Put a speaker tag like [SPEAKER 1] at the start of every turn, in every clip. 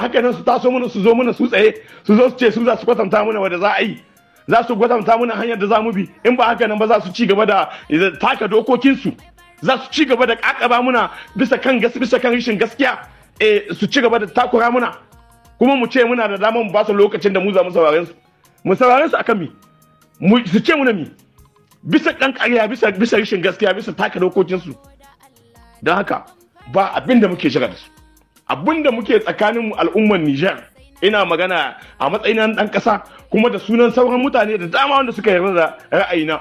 [SPEAKER 1] haka nan su taso mana su zo mana su tsaye su zo su ce su za su kwatanta mana wanda za a yi za su kwatanta mana hanyar da za mu bi in ba haka nan ba za su ci gaba da taka dokokinsu za su ci gaba da kakaba muna bisa kan gas bisa kan rishin gaskiya eh su ci gaba da takura muna kuma mu ce muna da damar mu ba su lokacin da mu za mu sauraren su mu sauraren su akan mi mu su ce muna mi bisa kan ƙarya bisa bisa rishin gaskiya bisa taka dokokinsu don haka ba abin da muke shiga da su abin da muke tsakanin al'ummar Nijar ina magana a matsayin ɗan ƙasa kuma da sunan sauran mutane da dama wanda suka yarda da ra'ayina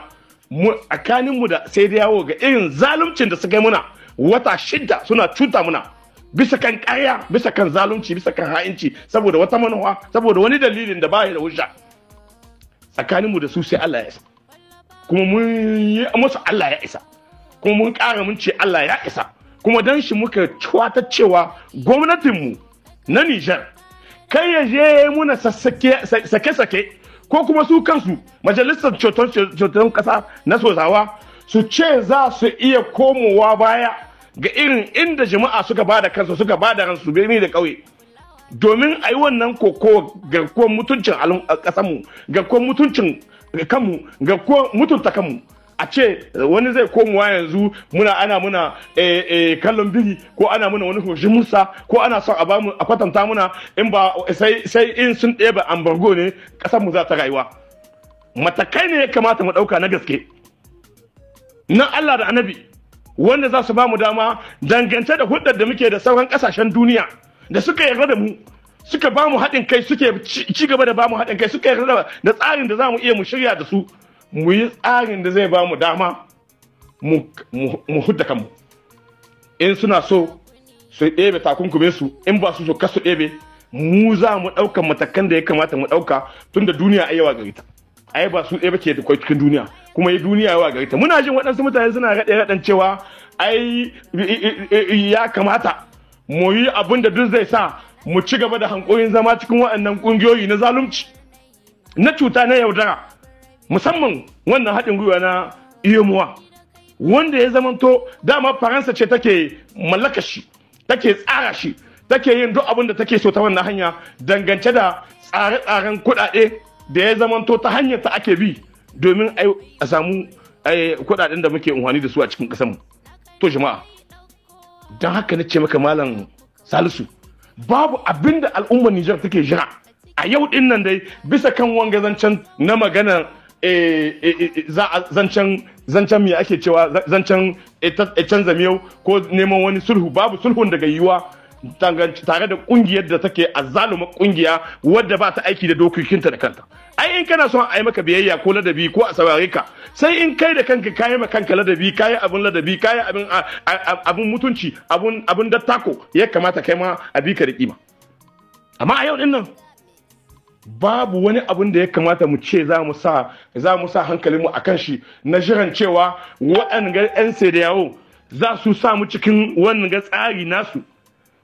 [SPEAKER 1] mu tsakaninmu da sai da yawo ga irin zaluncin da suka yi muna wata shidda suna cuta muna bisa kan ƙarya bisa kan zalunci bisa kan ha'inci saboda wata manuwa saboda wani dalilin da ba ya da hujja tsakaninmu da su sai Allah ya isa kuma mun yi musu Allah ya isa kuma mun ƙara mun ce Allah ya isa kuma don shi muka cuwata cewa gwamnatinmu na Nijar kai ya je muna sake-sake ko kuma su kansu majalisar ceton ƙasa na sozawa su ce za su iya komowa baya ga irin inda jama'a suka ba da kansu suka ba da ransu birni da ƙauye domin a yi wannan koko ga mutuncin kasanmu ga mutuncin kanmu ga mutunta kanmu a ce wani zai komowa yanzu muna ana muna eh, eh, kallon biri ko ana muna wani hoshin musa ko ana son a bamu a kwatanta muna in ba sai in sun ɗeba ambargo ne ƙasar mu za ta rayuwa matakai ne ya kamata mu ɗauka na gaske na Allah da annabi wanda za su bamu dama dangance da hudar da muke da sauran kasashen duniya da suka yarda da mu suka bamu haɗin kai suke ci gaba da bamu haɗin kai suka yarda da tsarin da za mu iya mu shirya da su mu yi tsarin da zai ba mu dama mu hudda kanmu in suna so su ɗebe takunkumin su in ba su so su ɗebe mu za mu ɗaukan matakan da ya kamata mu ɗauka tun da duniya a yawa gari ta ai ba su ɗebe ce da kwai cikin duniya kuma yi duniya yawa gari ta muna jin waɗansu mutane suna raɗe raɗan cewa ai ya kamata mu yi abin da duk zai sa mu ci gaba da hankoyin zama cikin waɗannan ƙungiyoyi na zalunci na cuta na yaudara musamman wannan haɗin gwiwa na iyomuwa wanda ya zamanto dama faransa ce take mallaka shi take tsara shi take yin duk abin da take so ta wannan hanya dangance da tsare-tsaren kuɗaɗe da ya zamanto ta hanyar ta ake bi domin a samu kuɗaɗen da muke unhwani da su a cikin ƙasarmu to jama'a don haka na ce maka malam salisu babu abin da al'ummar nijar take jira a yau ɗin nan dai bisa kan wangazancen na maganar Eh, eh, eh, zancen zancen me ake cewa zancen canza miyau ko neman wani sulhu babu sulhun daga yiwuwa tare da kungiyar da take zaluma kungiya wadda ba ta aiki da dokokinta da kanta ai in kana son a yi maka biyayya ko ladabi ko a saurare ka sai in kai da kanka kayi ma kanka ladabi kayi abun ladabi kayi abun abun mutunci abun abun dattako ya kamata kai ma a bi ka da kima amma a yau din nan babu wani abin da ya kamata mu ce za mu sa hankalinmu mu kan shi na jiran cewa waɗanda 'yan sai da yawo za su samu cikin wani ga tsari nasu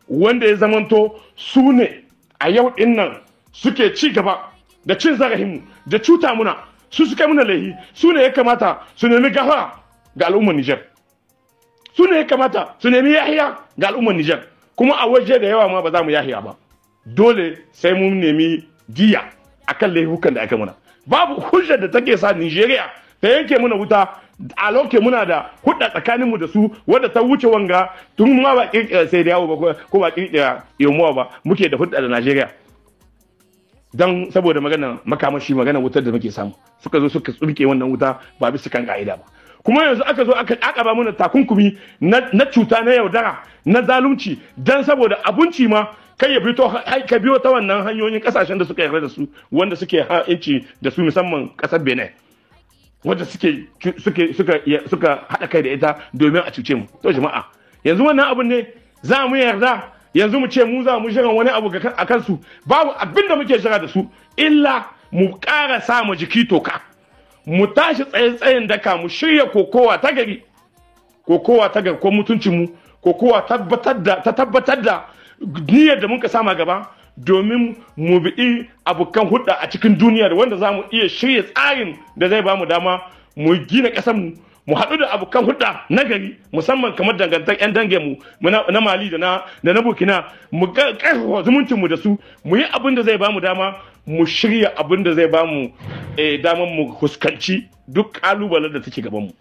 [SPEAKER 1] wanda ya zamanto su ne a yau din nan suke ci gaba da cin zarafinmu da cuta muna su suke muna laihi su ne ya kamata su nemi gafara ga al'ummar Nijar su ne ya kamata su nemi yahiya ga al'ummar Nijar kuma a waje da yawa ma ba za mu yahiya ba dole sai mun nemi giya akan laifukan da aka muna babu hujjar da take sa Nigeria ta yanke muna wuta a loke muna da hudda tsakanin mu da su wadda ta wuce wanga tun ma ba kirkira eh, sai da yawo ba ko ba kirkira eh, yomuwa ba muke da hudda da Najeriya dan saboda magana makamashi maganar wutar da muke samu suka zo suka tsurke wannan wuta ba bisa kan ka'ida ba kuma yanzu aka zo aka kakaba mana takunkumi na cuta na yaudara na zalunci dan saboda abinci ma kai ya fito ka biyo ta wannan hanyoyin kasashen da suka yarda da su wanda suke ha'inci da su musamman kasar benin wanda suke suka suka haɗa kai da ita domin a cuce mu to jama'a yanzu wannan abun ne za mu yarda yanzu mu ce mu za mu shiga wani abu a kansu babu abin da muke shiga da su illa mu kara sa mu jiki toka mu tashi tsaye tsayin daka mu shirya kokowa ta gari kokowa ta gari ko mutuncinmu kokowa ta tabbatar da niyyar da muka sama gaba domin mu bi abokan hudda a cikin duniya da wanda za mu iya shirya tsarin da zai bamu dama mu gina ƙasar mu mu haɗu da abokan hudda na gari musamman kamar dangantar 'yan dangin mu na mali da na burkina mu ƙarfafa zumuncin mu da su mu yi abin da zai bamu dama mu shirya abin da zai bamu eh, damar mu fuskanci duk ƙalubalen da take gabanmu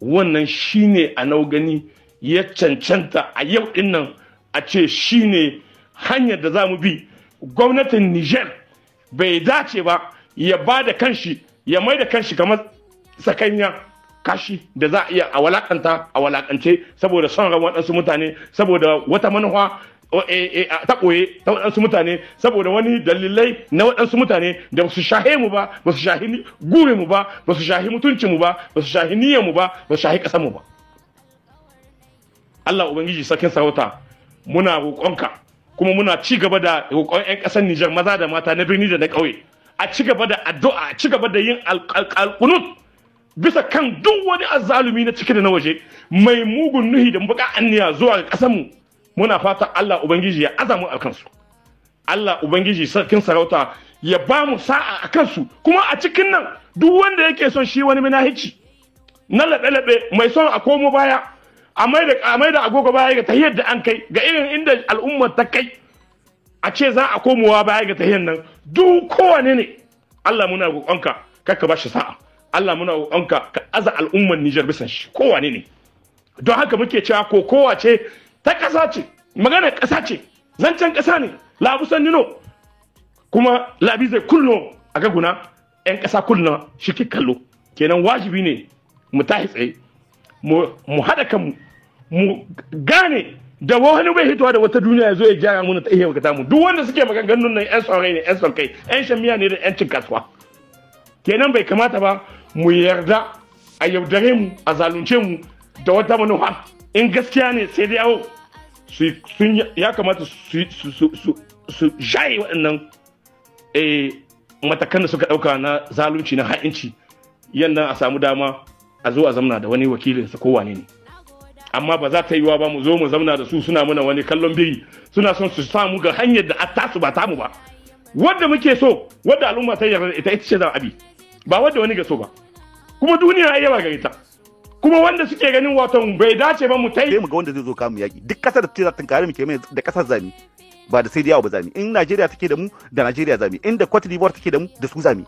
[SPEAKER 1] wannan shine a nau gani ya cancanta a yau dinnan a ce shi ne hanyar da za mu bi gwamnatin niger bai dace ba ya ba da kanshi ya mai da kanshi kamar tsakanya kashi da za a iya a walakanta a walakance saboda son ran waɗansu mutane saboda wata manufa e, e, ta ɓoye ta waɗansu mutane saboda wani dalilai na waɗansu mutane da su shahe mu ba ba su shahi gure mu ba ba su shahi mutunci mu ba ba su shahi niyyar mu ba ba su shahi ƙasar mu ba Allah Ubangiji sakin sarauta muna roƙonka kuma muna ci gaba da roƙon 'yan ƙasar Nijar maza da mata na birni da na ƙauye a ci gaba da addu'a a ci gaba da yin alƙunut bisa kan duk wani azzalumi na ciki da na waje mai mugun nuhi da baka anniya zuwa ga ƙasarmu muna fata Allah ubangiji ya azamu a kansu Allah ubangiji sarkin sarauta ya ba mu sa'a a kansu kuma a cikin nan duk wanda yake son shi wani minahici na laɓe-laɓe mai son a komo baya a mai da agogo baya ga tahiyar da an kai ga irin inda al'ummar ta kai a ce za a komowa baya ga tahiyar nan duk kowane ne Allah muna roƙonka kaka ba shi sa'a Allah muna roƙonka ka aza al'ummar Nijar bisan shi kowane ne don haka muke cewa ko kowa ce ta ƙasa ce magana ƙasa ce zancen ƙasa ne labusan nino kuma labi zai kullum a gaguna 'yan ƙasa kullum shi kallo kenan wajibi ne mu tahi tsaye mu haɗa kanmu mu gane da wani bai hitowa da wata duniya ya zo ya gyara muna ta iya bukata mu duk wanda suke maganganun nan yan saurai ne yan saukai yan shamiya ne da yan cin kasuwa kenan bai kamata ba mu yarda a yaudare mu a zalunce mu da wata manufa in gaskiya ne sai da yawo ya kamata su jaye waɗannan eh, matakan da suka ɗauka na zalunci na ha'inci yannan a samu dama a zo a zamna da wani wakilin su kowane ne amma ba za ta yiwa ba mu zo mu zamna da su suna muna wani kallon biri suna son su samu ga hanyar da a tasu ba tamu ba wadda muke so wadda al'umma ta yarda ita ita ce za abi ba wadda wani ga so ba kuma duniya ai yawa gare ta kuma wanda suke ganin wato bai dace ba mu ta yi mu ga wanda zai zo kamu yaki duk kasar da ta tunkare mu ke mai da kasar zami ba da sai da yawo ba zami in Najeriya take da mu da Najeriya zami in da Cote d'Ivoire take da mu da su zami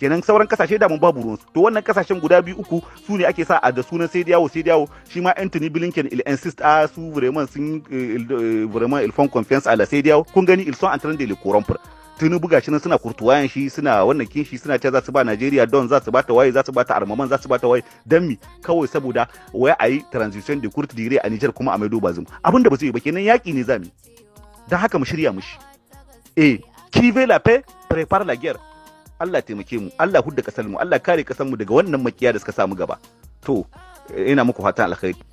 [SPEAKER 1] kenan sauran kasashe da mun babu su. to wannan kasashen guda biyu uku su ne ake sa a da sunan sai dawo sai dawo shi ma Anthony Blinken il insist a ah, su vraiment sun eh, eh, vraiment il font confiance à la sai dawo kun gani ils sont en train de le corrompre tinubu gashi nan suna kurtuwayan shi suna wannan kin shi suna ce za su ba Nigeria don za su ba ta waye za su ba ta armaman za su ba ta waye dan mi kawai saboda waya ayi transition de courte durée a Niger kuma a Maido Bazum abinda ba su yi ba kenan yaki ne zami dan haka mu shirya mushi eh qui veut la paix prépare la guerre Allah taimake mu Allah hudda kasar mu Allah kare kasar mu daga wannan makiya da suka samu gaba to ina muku fatan alkhairi